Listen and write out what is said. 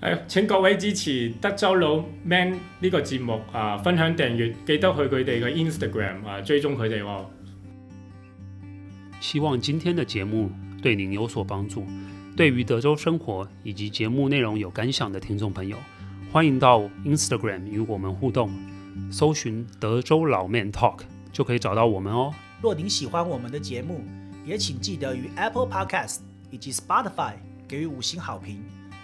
誒、哎，請各位支持德州老 Man 呢個節目啊，分享訂閱，記得去佢哋嘅 Instagram 啊追蹤佢哋哦。希望今天的節目對您有所幫助。對於德州生活以及節目內容有感想嘅聽眾朋友，歡迎到 Instagram 與我們互動，搜尋德州老 Man Talk 就可以找到我們哦。若您喜歡我們的節目，也請記得於 Apple Podcast 以及 Spotify 給予五星好評。